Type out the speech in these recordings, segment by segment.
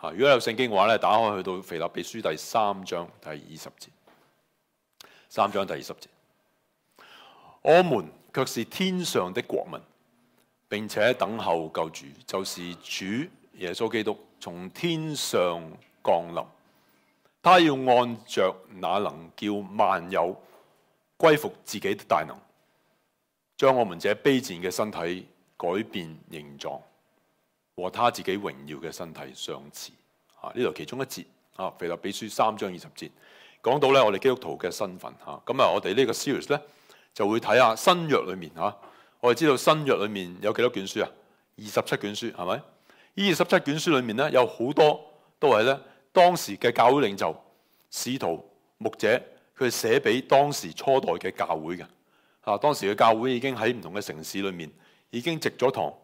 如果有聖經嘅話咧，打開去到《腓立比書》第三章第二十節，三章第二十節，我們卻是天上的國民，並且等候救主，就是主耶穌基督從天上降臨。他要按着那能叫萬有歸服自己的大能，將我們這卑賤嘅身體改變形狀。和他自己榮耀嘅身體相似，啊！呢度其中一節，啊《腓立比書》三章二十節，講到咧我哋基督徒嘅身份，嚇咁啊！我哋呢個 series 咧就會睇下新約裏面，嚇我哋知道新約裏面有幾多卷書啊？二十七卷書，係咪？呢二十七卷書裏面咧，有好多都係咧當時嘅教會領袖、使徒、牧者，佢寫俾當時初代嘅教會嘅，嚇當時嘅教會已經喺唔同嘅城市裏面已經植咗堂。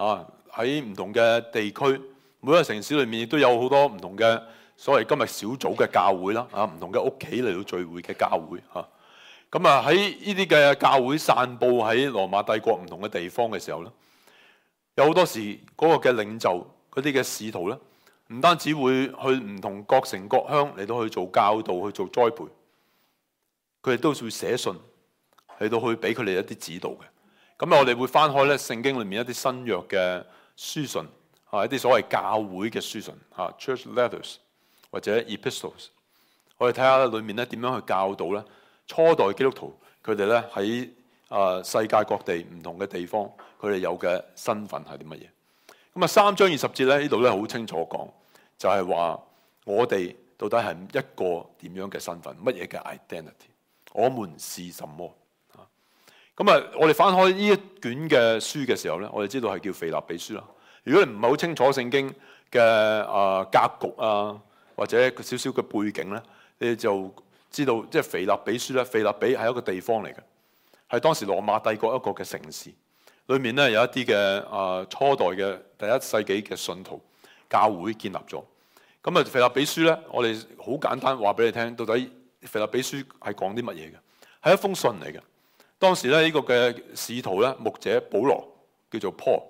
啊！喺唔同嘅地區，每一個城市裏面亦都有好多唔同嘅所謂今日小組嘅教會啦。啊，唔同嘅屋企嚟到聚會嘅教會。嚇，咁啊喺呢啲嘅教會散佈喺羅馬帝國唔同嘅地方嘅時候咧，有好多時嗰個嘅領袖、嗰啲嘅使徒咧，唔單止會去唔同各城各鄉嚟到去做教導、去做栽培，佢哋都會寫信嚟到去俾佢哋一啲指導嘅。咁我哋會翻開咧聖經裏面一啲新約嘅書信，啊一啲所謂教會嘅書信，嚇 church letters 或者 epistles，我哋睇下裏面咧點樣去教導咧初代基督徒佢哋咧喺啊世界各地唔同嘅地方佢哋有嘅身份係啲乜嘢？咁啊三章二十節咧呢度咧好清楚講，就係話我哋到底係一個點樣嘅身份，乜嘢嘅 identity？我們是什麼？咁啊，我哋翻開呢一卷嘅書嘅時候咧，我哋知道係叫腓立比書啦。如果你唔係好清楚聖經嘅啊、呃、格局啊，或者少少嘅背景咧，你就知道即係、就是、腓立比書咧，腓立比係一個地方嚟嘅，係當時羅馬帝國一個嘅城市。裡面咧有一啲嘅啊初代嘅第一世紀嘅信徒教會建立咗。咁啊腓立比書咧，我哋好簡單話俾你聽，到底腓立比書係講啲乜嘢嘅？係一封信嚟嘅。當時咧，呢個嘅使徒咧，牧者保羅叫做 Paul。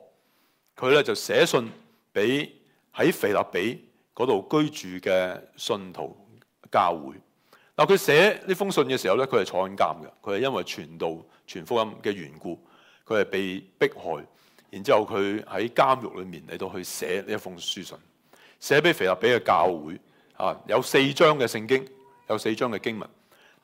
佢咧就寫信俾喺腓立比嗰度居住嘅信徒教會。嗱，佢寫呢封信嘅時候咧，佢係坐緊監嘅，佢係因為傳道、傳福音嘅緣故，佢係被迫害，然之後佢喺監獄裏面嚟到去寫呢一封書信，寫俾腓立比嘅教會。啊，有四章嘅聖經，有四章嘅經文。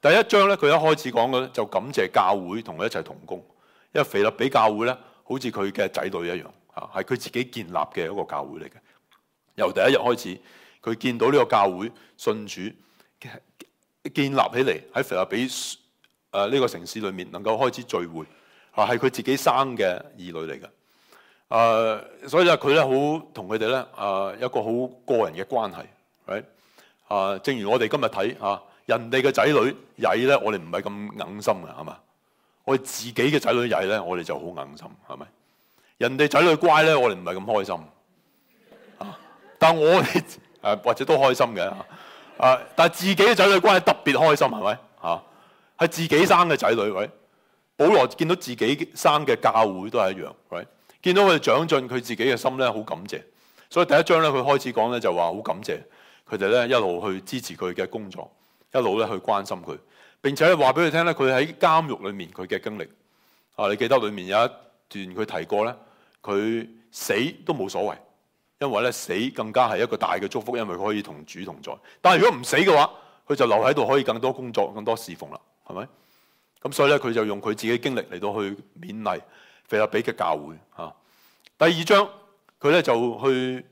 第一章咧，佢一開始講嘅咧，就感謝教會同佢一齊同工，因為腓立比教會咧，好似佢嘅仔女一樣嚇，係佢自己建立嘅一個教會嚟嘅。由第一日開始，佢見到呢個教會信主建立起嚟喺腓立比誒呢個城市裏面，能夠開始聚會嚇，係佢自己生嘅兒女嚟嘅。誒，所以咧佢咧好同佢哋咧誒一個好個人嘅關係，係啊，正如我哋今日睇嚇。人哋嘅仔女曳咧，我哋唔係咁硬心嘅，係嘛？我哋自己嘅仔女曳咧，我哋就好硬心，係咪？人哋仔女乖咧，我哋唔係咁開心、啊。但我哋、啊、或者都開心嘅、啊啊。但自己嘅仔女乖係特別開心，係咪？嚇、啊、係自己生嘅仔女，喂。保羅見到自己生嘅教會都係一樣，喂。見到佢哋長進，佢自己嘅心咧好感謝，所以第一章咧佢開始講咧就話好感謝佢哋咧一路去支持佢嘅工作。一路咧去關心佢，並且咧話俾佢聽咧，佢喺監獄裏面佢嘅經歷啊，你記得裏面有一段佢提過咧，佢死都冇所謂，因為咧死更加係一個大嘅祝福，因為佢可以同主同在。但係如果唔死嘅話，佢就留喺度可以更多工作、更多侍奉啦，係咪？咁所以咧，佢就用佢自己的經歷嚟到去勉勵腓立比嘅教會啊。第二章佢咧就去誒、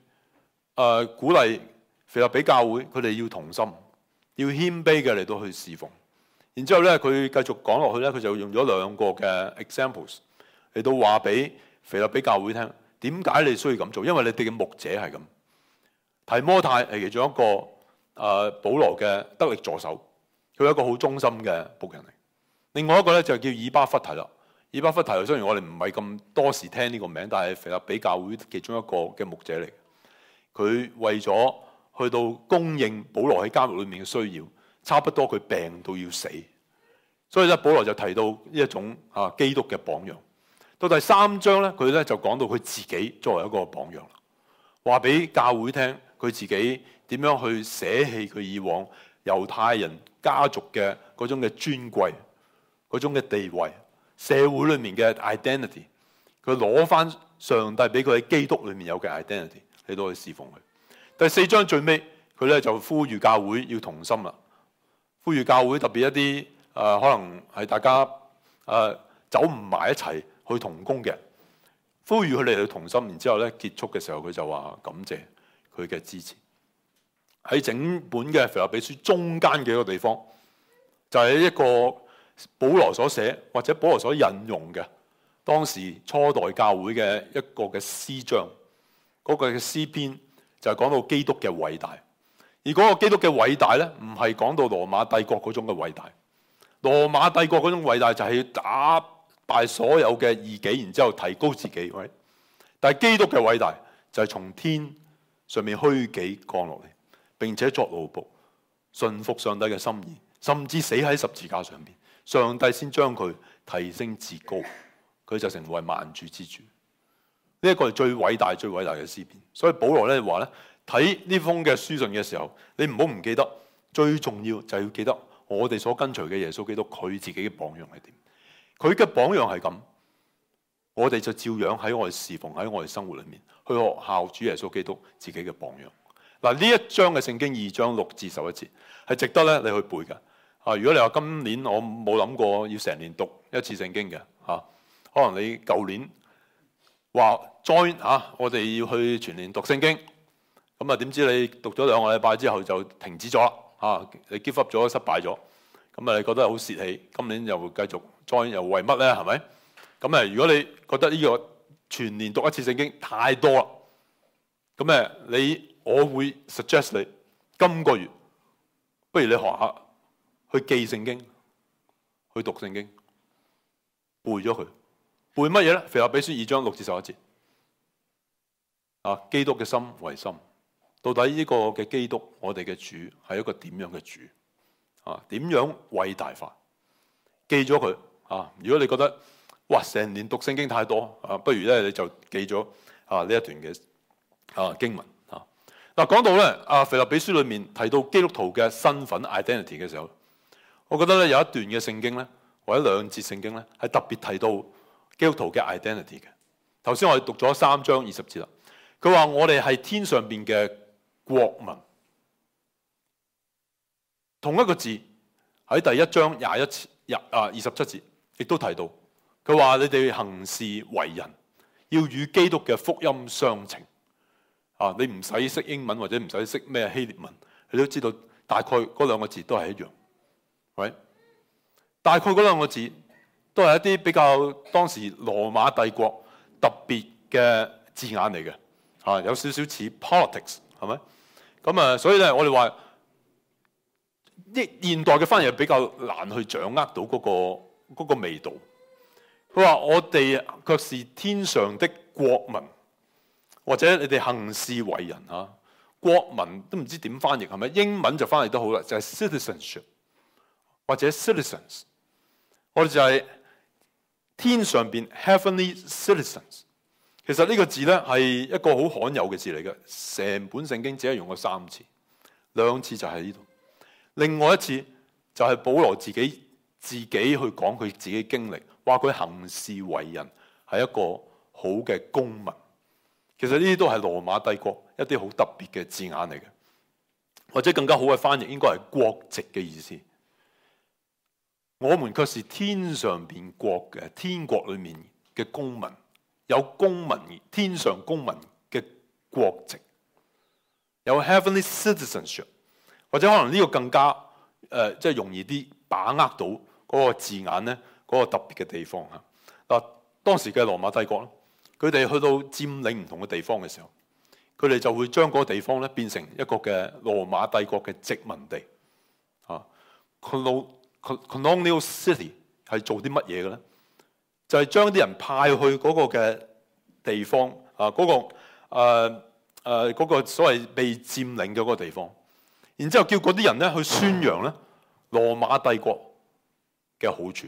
呃，鼓勵腓立比教會，佢哋要同心。要謙卑嘅嚟到去侍奉，然之後咧佢繼續講落去咧，佢就用咗兩個嘅 examples 嚟到話俾腓立比教會聽，點解你需要咁做？因為你哋嘅牧者係咁。提摩太係其中一個誒、呃，保羅嘅得力助手，佢係一個好忠心嘅僕人嚟。另外一個咧就叫以巴弗提啦，以巴弗提雖然我哋唔係咁多時聽呢個名字，但係腓立比教會其中一個嘅牧者嚟。佢為咗去到供應保羅喺監獄裏面嘅需要，差不多佢病到要死，所以咧，保羅就提到一種啊基督嘅榜樣。到第三章咧，佢咧就講到佢自己作為一個榜樣，話俾教會聽佢自己點樣去捨棄佢以往猶太人家族嘅嗰種嘅尊貴、嗰種嘅地位、社會裏面嘅 identity，佢攞翻上帝俾佢喺基督裏面有嘅 identity。你都可以侍奉佢。第四章最尾，佢咧就呼籲教會要同心啦，呼籲教會特別一啲誒、呃、可能係大家誒、呃、走唔埋一齊去同工嘅人，呼籲佢哋去同心。然之後咧，結束嘅時候，佢就話感謝佢嘅支持。喺整本嘅腓立比書中間嘅一個地方，就係一個保羅所寫或者保羅所引用嘅當時初代教會嘅一個嘅詩章，嗰、那個嘅詩篇。就係講到基督嘅偉大，而嗰個基督嘅偉大咧，唔係講到羅馬帝國嗰種嘅偉大。羅馬帝國嗰種偉大就係要打敗所有嘅異己，然之後提高自己。Right? 但係基督嘅偉大就係從天上面虛己降落嚟，並且作奴僕，信服上帝嘅心意，甚至死喺十字架上邊。上帝先將佢提升至高，佢就成為萬主之主。呢、這、一個係最偉大的、最偉大嘅詩篇。所以保羅咧話咧，睇呢封嘅書信嘅時候，你唔好唔記得，最重要就係要記得我哋所跟隨嘅耶穌基督，佢自己嘅榜樣係點，佢嘅榜樣係咁，我哋就照樣喺我哋侍奉、喺我哋生活裏面去學效主耶穌基督自己嘅榜樣。嗱，呢一章嘅聖經二章六至十一節係值得咧你去背嘅啊！如果你話今年我冇諗過要成年讀一次聖經嘅啊，可能你舊年。話 join 啊，我哋要去全年讀聖經，咁啊點知你讀咗兩個禮拜之後就停止咗啦，啊，你 give up 咗失敗咗，咁啊你覺得好洩氣？今年又繼續 join 又為乜咧？係咪？咁啊如果你覺得呢個全年讀一次聖經太多啦，咁誒你我會 suggest 你今個月不如你學下去記聖經，去讀聖經背咗佢。背乜嘢咧？腓立比書二章六至十一節啊，基督嘅心為心，到底呢個嘅基督，我哋嘅主係一個點樣嘅主啊？點樣偉大化？記咗佢啊！如果你覺得哇，成年讀聖經太多啊，不如咧你就記咗啊呢一段嘅啊經文啊。嗱，講到咧啊，腓立比書裏面提到基督徒嘅身份 identity 嘅時候，我覺得咧有一段嘅聖經咧，或者兩節聖經咧，係特別提到。基督徒嘅 identity 嘅，頭先我哋讀咗三章二十節啦。佢話我哋係天上邊嘅國民，同一個字喺第一章廿一、啊二十七節亦都提到。佢話你哋行事為人要與基督嘅福音相稱。啊，你唔使識英文或者唔使識咩希臘文，你都知道大概嗰兩個字都係一樣。喂，大概嗰兩個字，都係一啲比較當時羅馬帝國特別嘅字眼嚟嘅，嚇有少少似 politics 係咪？咁啊，所以咧我哋話啲現代嘅翻譯比較難去掌握到嗰個嗰個味道。佢話我哋卻是天上的國民，或者你哋行事為人嚇、啊、國民都唔知點翻譯係咪？英文就翻譯都好啦，就係 citizenship 或者 citizens，我哋就係。天上邊 Heavenly citizens，其實呢個字呢係一個好罕有嘅字嚟嘅，成本聖經只係用過三次，兩次就喺呢度，另外一次就係保羅自己自己去講佢自己的經歷，話佢行事為人係一個好嘅公民。其實呢啲都係羅馬帝國一啲好特別嘅字眼嚟嘅，或者更加好嘅翻譯應該係國籍嘅意思。我們卻是天上邊國嘅天國裏面嘅公民，有公民天上公民嘅國籍，有 heavenly citizenship，或者可能呢個更加誒即係容易啲把握到嗰個字眼咧，嗰、嗰個特別嘅地方吓嗱、啊。當時嘅羅馬帝國咧，佢哋去到佔領唔同嘅地方嘅時候，佢哋就會將個地方咧變成一個嘅羅馬帝國嘅殖民地啊，佢到。Colonial City 係做啲乜嘢嘅咧？就係將啲人派去嗰個嘅地方啊，嗰、嗰個誒誒、呃呃嗰個、所謂被佔領嘅嗰個地方，然之後叫嗰啲人咧去宣揚咧羅馬帝國嘅好處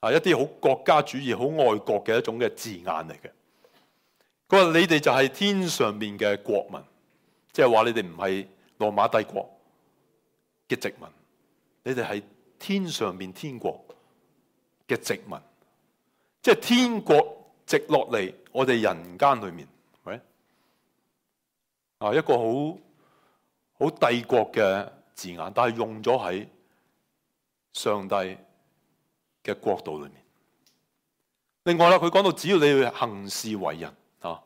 啊，一啲好國家主義、好愛國嘅一種嘅字眼嚟嘅。佢話你哋就係天上面嘅國民，即係話你哋唔係羅馬帝國嘅殖民。你哋係天上面天國嘅殖民，即係天國直落嚟我哋人間裏面，啊一個好好帝國嘅字眼，但係用咗喺上帝嘅國度裏面。另外啦，佢講到只要你去行事為人啊，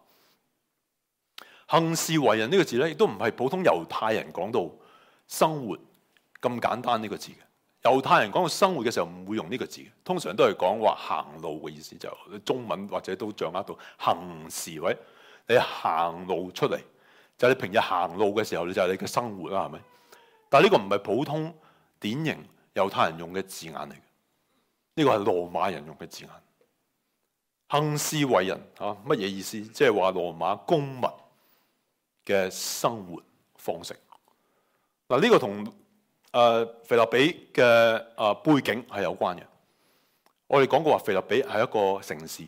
行事為人呢個字咧，亦都唔係普通猶太人講到生活。咁簡單呢個字嘅，猶太人講到生活嘅時候唔會用呢個字，通常都係講話行路嘅意思，就中文或者都掌握到行時位，你行路出嚟，就是、你平日行路嘅時候，就是、你就係你嘅生活啦，係咪？但係呢個唔係普通典型猶太人用嘅字眼嚟，呢、呢個係羅馬人用嘅字眼，行事為人嚇，乜嘢意思？即係話羅馬公民嘅生活方式。嗱，呢個同誒、呃、腓立比嘅誒、呃、背景係有關嘅。我哋講過話，腓立比係一個城市。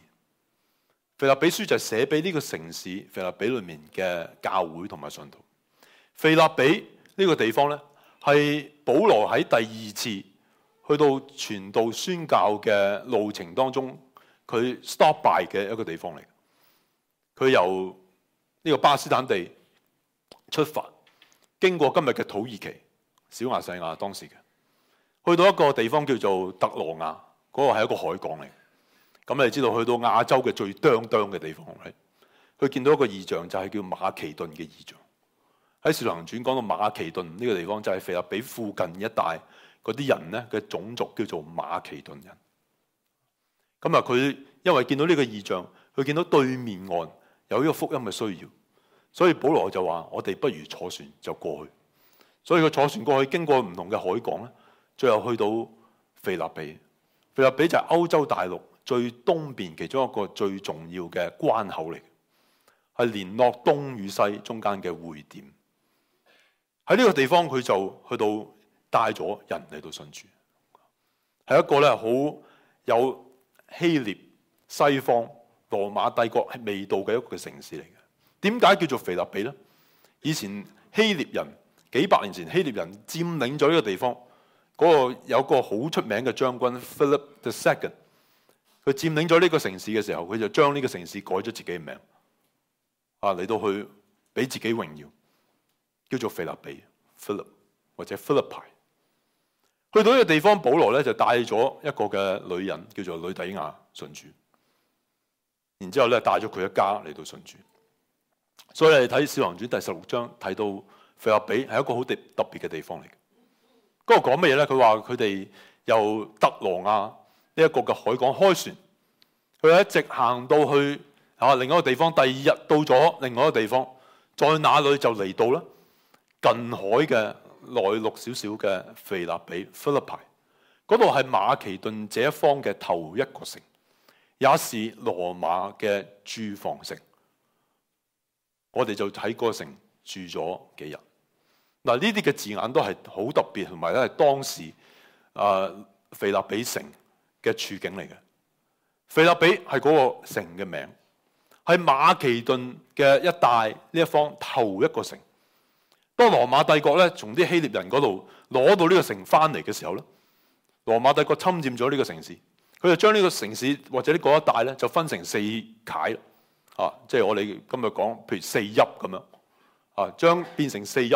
腓立比書就寫俾呢個城市腓立比裏面嘅教會同埋信徒。腓立比呢個地方咧，係保羅喺第二次去到傳道宣教嘅路程當中，佢 stop by 嘅一個地方嚟。佢由呢個巴斯坦地出發，經過今日嘅土耳其。小亞細亞當時嘅，去到一個地方叫做特羅亞，嗰、那個係一個海港嚟。咁你知道去到亞洲嘅最釒釒嘅地方，佢見到一個異象，就係、是、叫馬其頓嘅異象。喺《使徒行傳》講到馬其頓呢、這個地方，就係腓立比附近一帶嗰啲人呢嘅種族叫做馬其頓人。咁啊，佢因為見到呢個異象，佢見到對面岸有一個福音嘅需要，所以保羅就話：我哋不如坐船就過去。所以佢坐船過去，經過唔同嘅海港咧，最後去到腓立比。腓立比就係歐洲大陸最東邊其中一個最重要嘅關口嚟嘅，係聯絡東與西中間嘅匯點。喺呢個地方，佢就去到帶咗人嚟到信主，係一個咧好有希臘西方羅馬帝國係味道嘅一個城市嚟嘅。點解叫做腓立比咧？以前希臘人。幾百年前希臘人佔領咗呢個地方，嗰、那個有一個好出名嘅將軍 Philip the Second，佢佔領咗呢個城市嘅時候，佢就將呢個城市改咗自己嘅名，啊嚟到去俾自己榮耀，叫做腓立比 Philip 或者 Philippi。去到呢個地方，保羅咧就帶咗一個嘅女人叫做呂底亞信主，然之後咧帶咗佢一家嚟到信主。所以你睇《使徒行傳》第十六章睇到。腓立比係一個好特特別嘅地方嚟嘅。嗰度講乜嘢咧？佢話佢哋由德羅亞呢一個嘅海港開船，佢一直行到去嚇、啊、另一個地方。第二日到咗另外一個地方，在哪裏就嚟到啦？近海嘅內陸少少嘅腓立比 p h i l i p p 嗰度係馬其頓這一方嘅頭一個城，也是羅馬嘅住房城。我哋就喺個城住咗幾日。嗱，呢啲嘅字眼都係好特別，同埋咧係當時啊呃、腓立比城嘅處境嚟嘅。腓立比係嗰個城嘅名，係馬其頓嘅一帶呢一方頭一個城。當羅馬帝國咧從啲希臘人嗰度攞到呢個城翻嚟嘅時候咧，羅馬帝國侵佔咗呢個城市，佢就將呢個城市或者呢個一帶咧就分成四楔，啊，即係我哋今日講譬如四邑咁樣，啊，將變成四邑。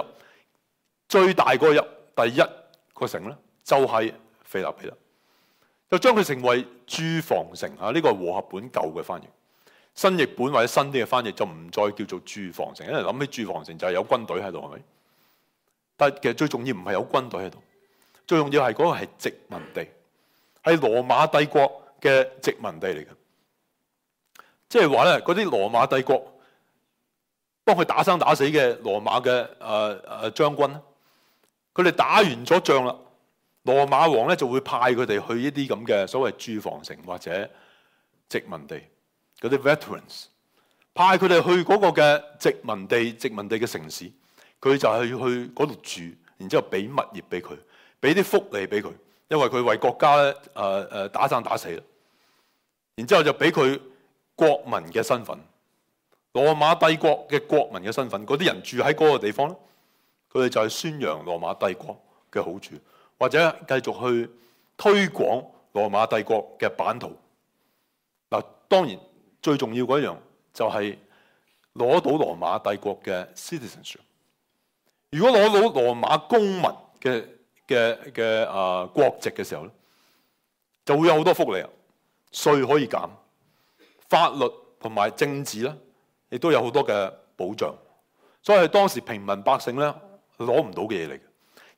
最大個入第一個城咧，就係腓立比啦，就將佢成為駐防城嚇。呢個係和合本舊嘅翻譯，新譯本或者新啲嘅翻譯就唔再叫做駐防城。因為諗起駐防城就係有軍隊喺度，係咪？但係其實最重要唔係有軍隊喺度，最重要係嗰個係殖民地，係羅馬帝國嘅殖民地嚟嘅。即係話咧，嗰啲羅馬帝國幫佢打生打死嘅羅馬嘅誒誒將軍。佢哋打完咗仗啦，羅馬王咧就會派佢哋去一啲咁嘅所謂住房城或者殖民地嗰啲 veterans，派佢哋去嗰個嘅殖民地殖民地嘅城市，佢就係去嗰度住，然之後俾物業俾佢，俾啲福利俾佢，因為佢為國家咧誒誒打生打死啦，然之後就俾佢國民嘅身份，羅馬帝國嘅國民嘅身份，嗰啲人住喺嗰個地方。佢哋就係宣揚羅馬帝國嘅好處，或者繼續去推廣羅馬帝國嘅版圖嗱。當然最重要嗰一樣就係攞到羅馬帝國嘅 citizenship。如果攞到羅馬公民嘅嘅嘅啊國籍嘅時候咧，就會有好多福利啊，稅可以減，法律同埋政治咧亦都有好多嘅保障。所以當時平民百姓咧，攞唔到嘅嘢嚟嘅，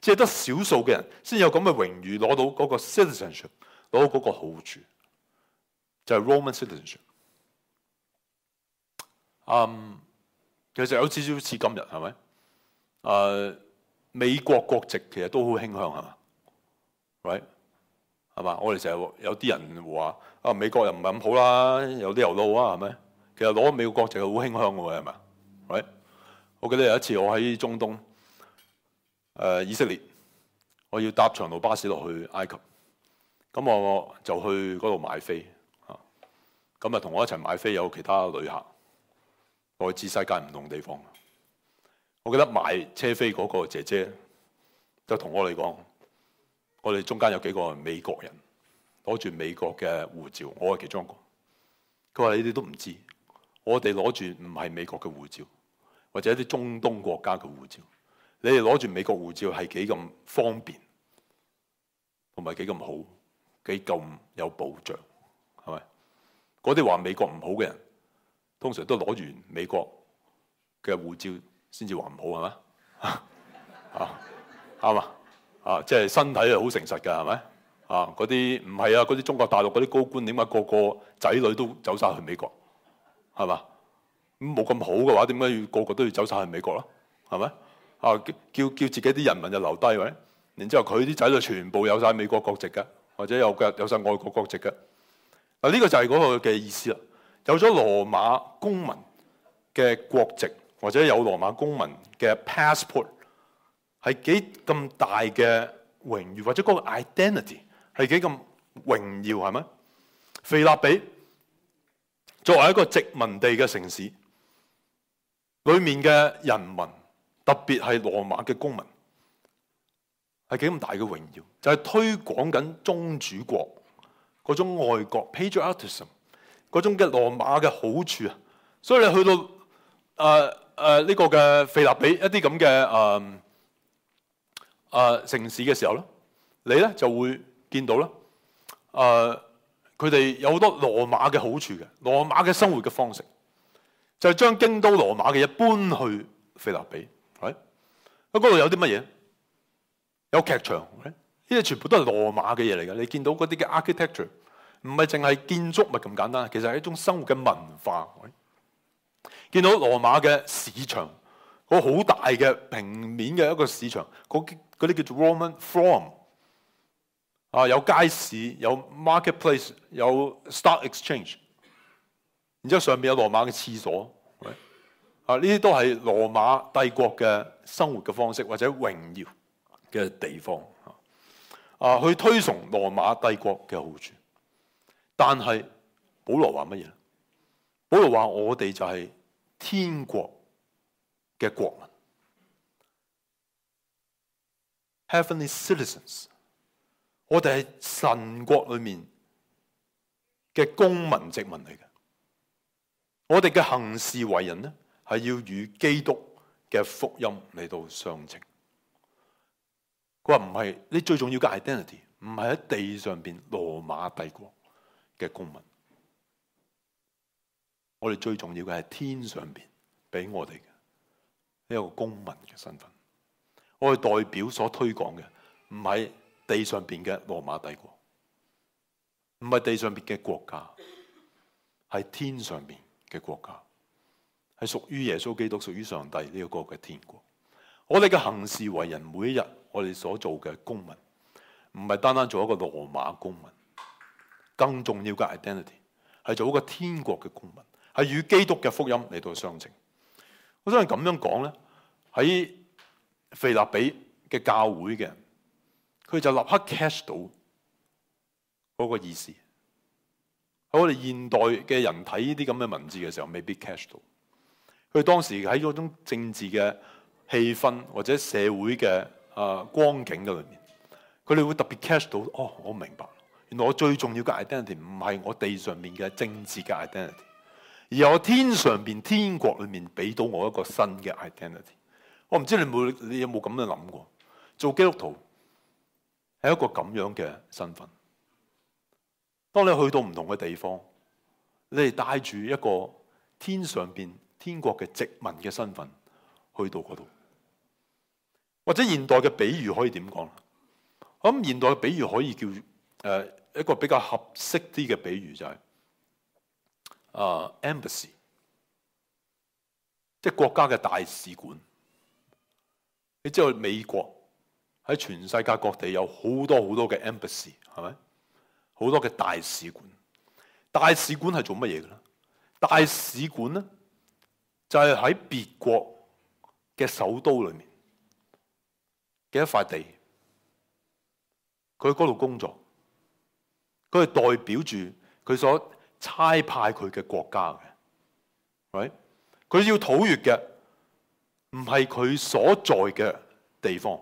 只係得少數嘅人先有咁嘅榮譽攞到嗰個 citizenship，攞到嗰個好處就係、是、Roman citizenship。Um, 其實有少少似今日係咪？Uh, 美國國籍其實都好傾香，係嘛？係咪嘛？我哋成日有啲人話啊，美國又唔係咁好啦，有啲又攞啊，係咪？其實攞美國國籍係好傾香嘅係咪？Right? 我記得有一次我喺中東。誒，以色列，我要搭長途巴士落去埃及，咁我就去嗰度買飛吓，咁啊同我一齊買飛有其他旅客，來自世界唔同地方。我記得買車飛嗰個姐姐就同我哋講，我哋中間有幾個美國人，攞住美國嘅護照，我係其中一個。佢話你哋都唔知，我哋攞住唔係美國嘅護照，或者啲中東國家嘅護照。你哋攞住美國護照係幾咁方便，同埋幾咁好，幾咁有保障，係咪？嗰啲話美國唔好嘅人，通常都攞住美國嘅護照先至話唔好，係咪？ 係嘛？啊，啱嘛？啊，即係身體係好誠實嘅，係咪？啊，嗰啲唔係啊，嗰啲中國大陸嗰啲高官點解個個仔女都走晒去美國？係嘛？咁冇咁好嘅話，點解要個個都要走晒去美國啦？係咪？啊！叫叫自己啲人民就留低喎，然之後佢啲仔女全部有曬美國國籍㗎，或者有嘅有曬外國國籍㗎。嗱呢個就係嗰個嘅意思啦。有咗羅馬公民嘅國籍，或者有羅馬公民嘅 passport，係幾咁大嘅榮譽，或者嗰個 identity 係幾咁榮耀，係咪？腓立比作為一個殖民地嘅城市，裏面嘅人民。特別係羅馬嘅公民係幾咁大嘅榮耀，就係、是、推廣緊宗主國嗰種愛國 patriotism，嗰種嘅羅馬嘅好處啊！所以你去到誒誒呢個嘅腓立比一啲咁嘅誒誒城市嘅時候咧，你咧就會見到啦。誒、呃，佢哋有好多羅馬嘅好處嘅羅馬嘅生活嘅方式，就係、是、將京都羅馬嘅嘢搬去腓立比。嗰度有啲乜嘢？有劇場，呢啲全部都係羅馬嘅嘢嚟嘅。你見到嗰啲嘅 architecture，唔係淨係建築物咁簡單，其實係一種生活嘅文化。見到羅馬嘅市場，個好大嘅平面嘅一個市場，嗰嗰啲叫做 Roman Forum。啊，有街市，有 marketplace，有 stock exchange。然之後上面有羅馬嘅廁所。啊！呢啲都係羅馬帝國嘅生活嘅方式，或者榮耀嘅地方。啊，去推崇羅馬帝國嘅好處。但係保羅話乜嘢？保羅話：我哋就係天國嘅國民 （Heavenly citizens）。我哋係神國裏面嘅公民、殖民嚟嘅。我哋嘅行事為人咧？係要與基督嘅福音嚟到相稱。佢話唔係，你最重要嘅 identity 唔係喺地上邊羅馬帝國嘅公民。我哋最重要嘅係天上邊俾我哋嘅一個公民嘅身份。我哋代表所推廣嘅唔係地上邊嘅羅馬帝國，唔係地上邊嘅國家，係天上邊嘅國家。係屬於耶穌基督，屬於上帝呢個國嘅天國。我哋嘅行事為人，每一日我哋所做嘅公民，唔係單單做一個羅馬公民，更重要嘅 identity 係做一個天國嘅公民，係與基督嘅福音嚟到相稱。我想係咁樣講咧，喺腓立比嘅教會嘅，佢就立刻 catch 到嗰個意思。喺我哋現代嘅人睇呢啲咁嘅文字嘅時候，未必 catch 到。佢當時喺嗰種政治嘅氣氛或者社會嘅光景嘅裏面，佢哋會特別 catch 到哦。我明白，原來我最重要嘅 identity 唔係我地上面嘅政治嘅 identity，而係我天上邊天國裏面俾到我一個新嘅 identity。我唔知你冇你有冇咁樣諗過？做基督徒係一個咁樣嘅身份。當你去到唔同嘅地方，你哋帶住一個天上邊，天國嘅殖民嘅身份去到嗰度，或者現代嘅比喻可以點講咧？咁現代嘅比喻可以叫誒、呃、一個比較合適啲嘅比喻就係、是、啊，embassy，、呃、即係國家嘅大使館。你知道美國喺全世界各地有好多好多嘅 embassy 係咪？好多嘅大使館，大使館係做乜嘢嘅咧？大使館咧？就係喺別國嘅首都裏面嘅一塊地，佢喺嗰度工作，佢係代表住佢所差派佢嘅國家嘅，係佢要討閲嘅，唔係佢所在嘅地方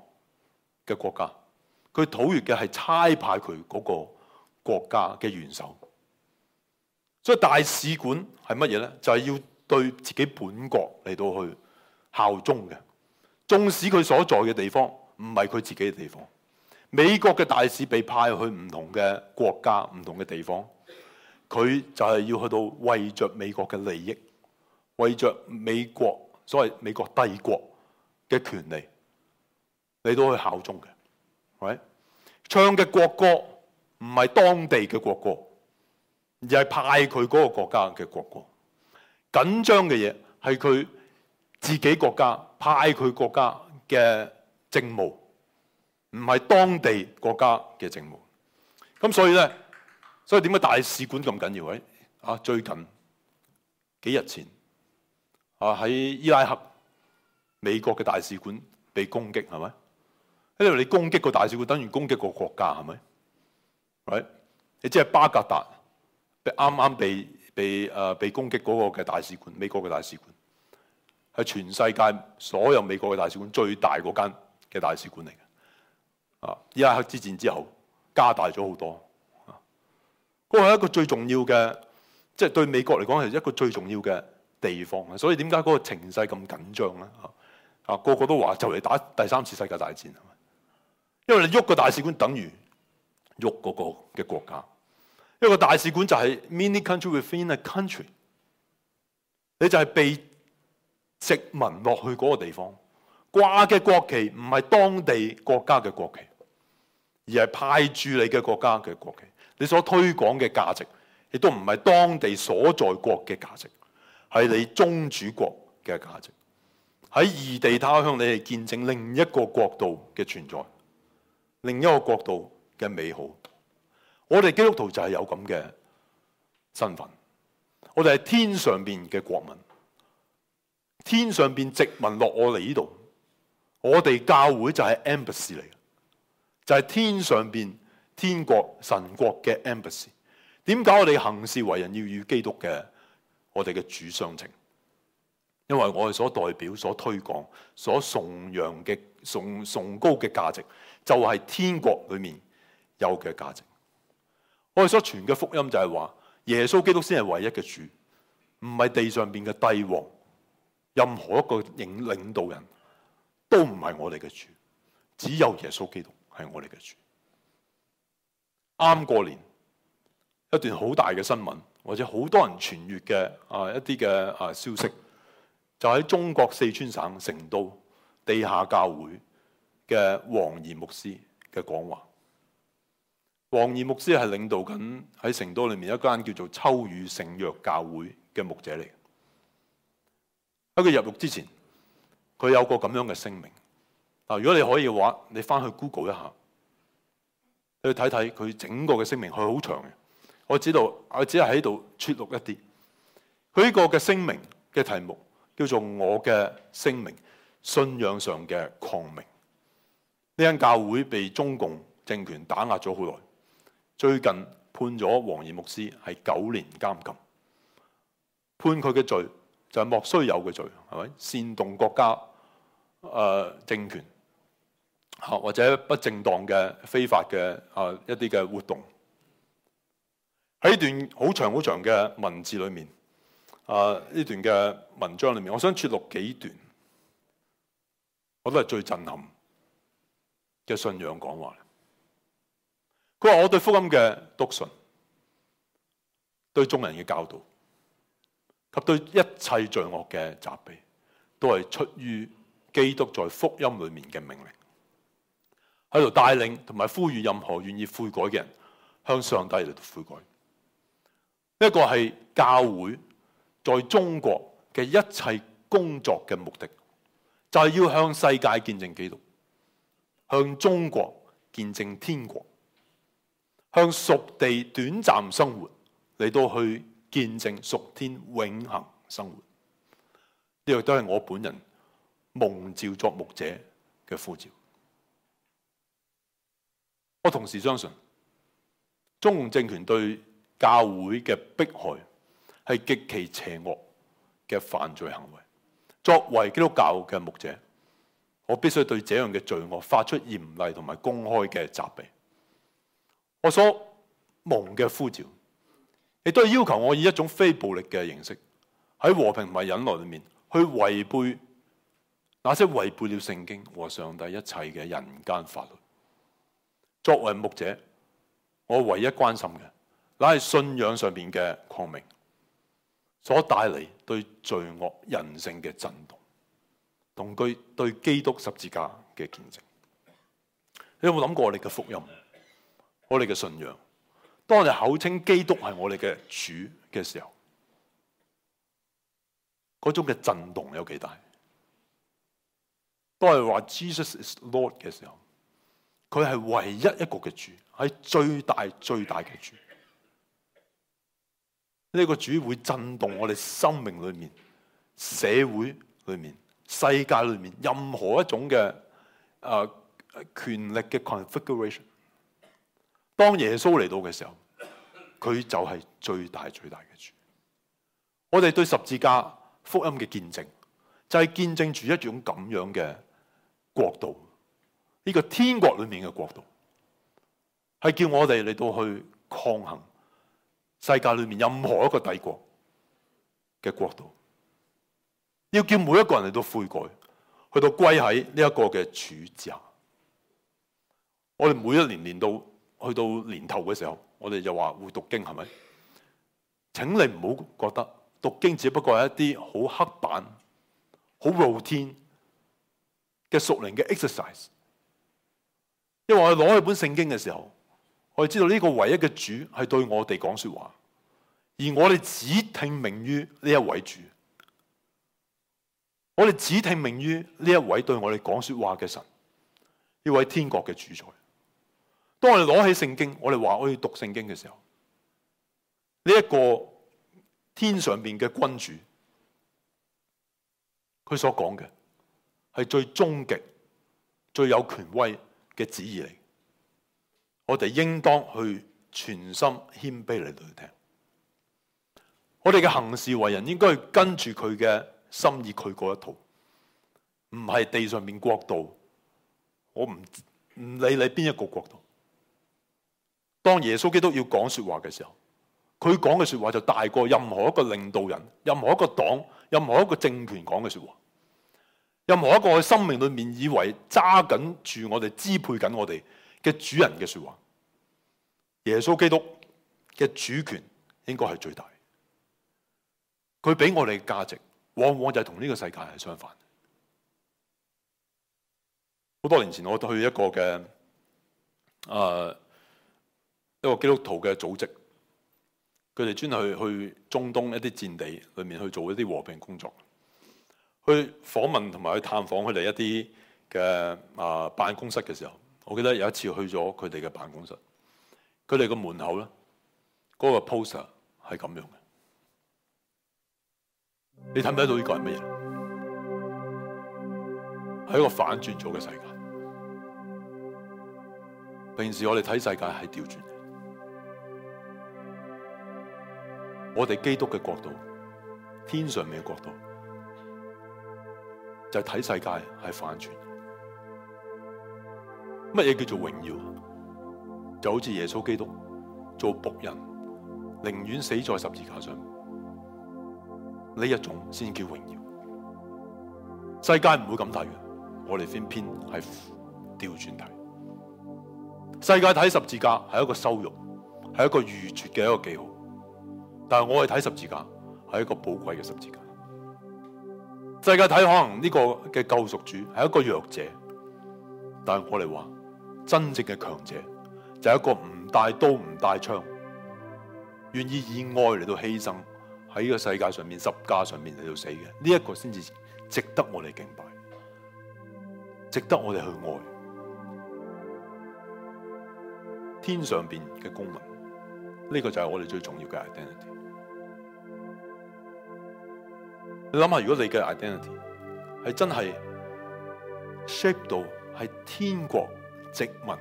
嘅國家，佢討閲嘅係差派佢嗰個國家嘅元首。所以大使館係乜嘢咧？就係、是、要。對自己本國嚟到去效忠嘅，縱使佢所在嘅地方唔係佢自己嘅地方，美國嘅大使被派去唔同嘅國家、唔同嘅地方，佢就係要去到為着美國嘅利益，為着美國所謂美國帝國嘅權利嚟到去效忠嘅。喂，right? 唱嘅國歌唔係當地嘅國歌，而係派佢嗰個國家嘅國歌。緊張嘅嘢係佢自己國家派佢國家嘅政務，唔係當地國家嘅政務。咁所以咧，所以點解大使館咁緊要？誒啊，最近幾日前啊喺伊拉克美國嘅大使館被攻擊，係咪？因為你攻擊個大使館，等於攻擊個國家，係咪？係你即係巴格達啱啱被被誒，被攻擊嗰個嘅大使館，美國嘅大使館，係全世界所有美國嘅大使館最大嗰間嘅大使館嚟嘅。啊，伊拉克之戰之後加大咗好多。嗰個係一個最重要嘅，即係對美國嚟講係一個最重要嘅地方啊！所以點解嗰個情勢咁緊張咧？啊，啊個個都話就嚟打第三次世界大戰，因為你喐個大使館，等於喐嗰個嘅國家。一個大使館就係 mini country within a country，你就係被殖民落去嗰個地方，掛嘅國旗唔係當地國家嘅國旗，而係派駐你嘅國家嘅國旗。你所推廣嘅價值亦都唔係當地所在國嘅價值，係你宗主國嘅價值。喺異地他鄉，你哋見證另一個國度嘅存在，另一個國度嘅美好。我哋基督徒就係有咁嘅身份，我哋係天上邊嘅國民，天上邊殖民落我哋呢度。我哋教會就係 embassy 嚟嘅，就係天上邊天國神國嘅 embassy。點解我哋行事為人要與基督嘅我哋嘅主相稱？因為我哋所代表、所推廣、所崇揚嘅、崇崇高嘅價值，就係天國裏面有嘅價值。我哋所傳嘅福音就係話，耶穌基督先係唯一嘅主，唔係地上邊嘅帝王，任何一個領領導人都唔係我哋嘅主，只有耶穌基督係我哋嘅主。啱過年一段好大嘅新聞，或者好多人傳閱嘅啊一啲嘅啊消息，就喺中國四川省成都地下教會嘅王怡牧師嘅講話。王怡牧師係領導緊喺成都裏面一間叫做秋雨聖約教會嘅牧者嚟。喺佢入獄之前，佢有個咁樣嘅聲明。嗱，如果你可以嘅話，你翻去 Google 一下，你去睇睇佢整個嘅聲明，佢好長嘅。我知道，我只係喺度撮錄一啲。佢呢個嘅聲明嘅題目叫做《我嘅聲明》，信仰上嘅抗命。呢間教會被中共政權打壓咗好耐。最近判咗王怡牧師係九年監禁，判佢嘅罪就係莫須有嘅罪，係咪煽動國家誒、呃、政權吓或者不正當嘅非法嘅啊、呃、一啲嘅活動。喺呢段好長好長嘅文字裏面，啊、呃、呢段嘅文章裏面，我想揭露幾段，我都係最震撼嘅信仰講話。佢話：我對福音嘅篤信，對眾人嘅教導，及對一切罪惡嘅責備，都係出於基督在福音裏面嘅命令，喺度帶領同埋呼籲任何願意悔改嘅人向上帝嚟悔改。呢一個係教會在中國嘅一切工作嘅目的，就係要向世界見證基督，向中國見證天國。向屬地短暫生活，嚟到去見證屬天永恆生活。呢個都係我本人蒙召作牧者嘅呼召。我同時相信，中共政權對教會嘅迫害係極其邪惡嘅犯罪行為。作為基督教嘅牧者，我必須對這樣嘅罪惡發出嚴厲同埋公開嘅責備。我所蒙嘅呼召，亦都係要求我以一種非暴力嘅形式，喺和平同埋忍耐裏面去違背那些違背了聖經和上帝一切嘅人間法律。作為牧者，我唯一關心嘅，乃係信仰上面嘅抗命所帶嚟對罪惡人性嘅震動，同對對基督十字架嘅見證。你有冇諗過我哋嘅福音？我哋嘅信仰，當我哋口稱基督係我哋嘅主嘅時候，嗰種嘅震動有幾大？當我哋話 Jesus is Lord 嘅時候，佢係唯一一個嘅主，係最大最大嘅主。呢、呢個主會震動我哋生命裏面、社會裏面、世界裏面任何一種嘅誒、啊、權力嘅 configuration。當耶穌嚟到嘅時候，佢就係最大最大嘅主。我哋對十字架福音嘅見證，就係、是、見證住一種咁樣嘅國度，呢、這個天國裏面嘅國度，係叫我哋嚟到去抗衡世界裏面任何一個帝國嘅國度，要叫每一個人嚟到悔改，去到歸喺呢一個嘅主之下。我哋每一年念到。去到年頭嘅時候，我哋就話會讀經，係咪？請你唔好覺得讀經只不過係一啲好刻板、好 routine 嘅熟齡嘅 exercise。因為我哋攞起本聖經嘅時候，我哋知道呢個唯一嘅主係對我哋講說話，而我哋只聽命於呢一位主，我哋只聽命於呢一位對我哋講說話嘅神，呢位天國嘅主宰。當我哋攞起聖經，我哋話我要讀聖經嘅時候，呢一個天上邊嘅君主，佢所講嘅係最終極、最有權威嘅旨意嚟，我哋應當去全心謙卑嚟到去聽。我哋嘅行事為人應該跟住佢嘅心意，佢嗰一套，唔係地上面國度，我唔唔理你邊一個國度。當耶穌基督要講說話嘅時候，佢講嘅說話就大過任何一個領導人、任何一個黨、任何一個政權講嘅說話，任何一個喺生命裏面以為揸緊住我哋支配緊我哋嘅主人嘅說話，耶穌基督嘅主權應該係最大。佢俾我哋嘅價值，往往就係同呢個世界係相反。好多年前，我去一個嘅誒。呃一個基督徒嘅組織，佢哋專去去中東一啲戰地裏面去做一啲和平工作，去訪問同埋去探訪佢哋一啲嘅，啊辦公室嘅時候，我記得有一次去咗佢哋嘅辦公室，佢哋個門口咧，嗰個 poster 係咁樣嘅，你睇唔睇到呢個係乜嘢？係一個反轉咗嘅世界。平時我哋睇世界係調轉。我哋基督嘅角度，天上面嘅角度，就睇、是、世界係反轉。乜嘢叫做榮耀？就好似耶穌基督做僕人，寧願死在十字架上，呢一種先叫榮耀。世界唔會咁睇嘅，我哋偏偏係調轉睇。世界睇十字架係一個羞辱，係一個愚拙嘅一個記號。但係我哋睇十字架係一個寶貴嘅十字架。世界睇可能呢個嘅救贖主係一個弱者，但係我哋話真正嘅強者就係一個唔帶刀唔帶槍，願意以愛嚟到犧牲喺呢個世界上面十架上面嚟到死嘅呢一個先至值得我哋敬拜，值得我哋去愛天上邊嘅公民。呢個就係我哋最重要嘅 identity。你諗下，如果你嘅 identity 係真係 shape 到係天國殖民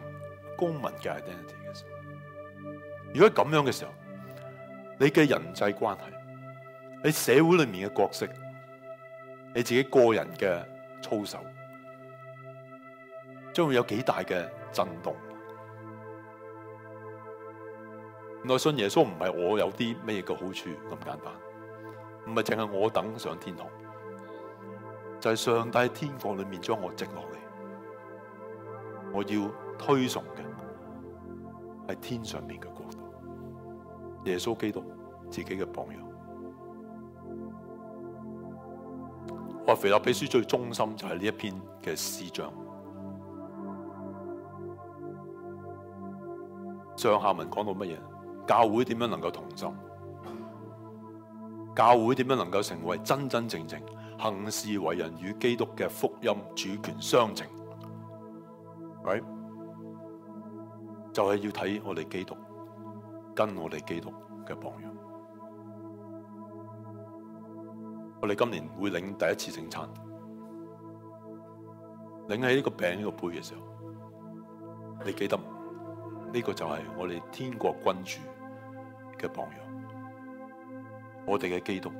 公民嘅 identity 嘅時候，如果咁樣嘅時候，你嘅人際關係、你社會裏面嘅角色、你自己個人嘅操守，將會有幾大嘅震動。內信耶穌唔係我有啲咩嘅好處咁簡單，唔係淨係我等上天堂，就係喺上帝天國裏面將我直落嚟，我要推崇嘅係天上面嘅國度，耶穌基督自己嘅榜樣。我話腓立比書最中心就係呢一篇嘅詩章，上下文講到乜嘢？教會點樣能夠同心？教會點樣能夠成為真真正正行事為人與基督嘅福音主權相稱？喂、right？就係要睇我哋基督，跟我哋基督嘅榜樣。我哋今年會領第一次聖餐，領喺呢個餅呢個杯嘅時候，你記得。呢、這個就係我哋天國君主嘅榜樣，我哋嘅基督，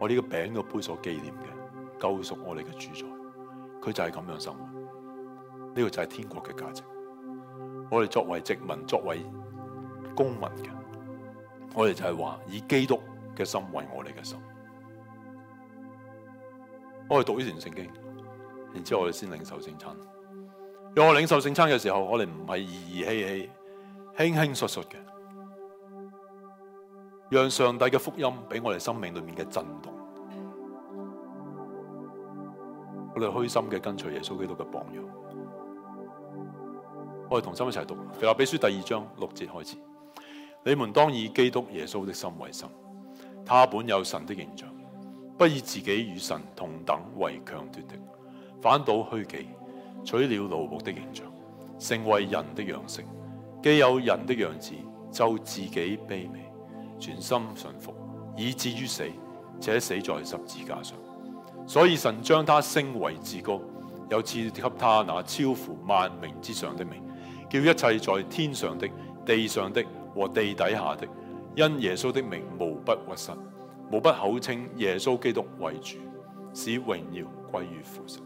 我呢個餅嘅杯所紀念嘅，救贖我哋嘅主宰，佢就係咁樣生活。呢、這個就係天國嘅價值。我哋作為殖民，作為公民嘅，我哋就係話以基督嘅心為我哋嘅心。我哋讀呢段聖經，然之後我哋先領受聖餐。讓我領受聖餐嘅時候，我哋唔係兒兒戲戲、輕輕率率嘅，讓上帝嘅福音俾我哋生命裏面嘅震動，我哋虛心嘅跟隨耶穌基督嘅榜樣。我哋同心一齊讀《腓立比書》第二章六節開始：你們當以基督耶穌的心為心，他本有神的形象，不以自己與神同等為強奪的，反倒虛己。取了奴僕的形象，成為人的樣式；既有人的樣子，就自己卑微，全心順服，以至於死，且死在十字架上。所以神將他升為至高，又賜給他那超乎萬名之上的名，叫一切在天上的、地上的和地底下的，因耶穌的名，無不屈膝，無不口稱耶穌基督為主，使榮耀歸於父神。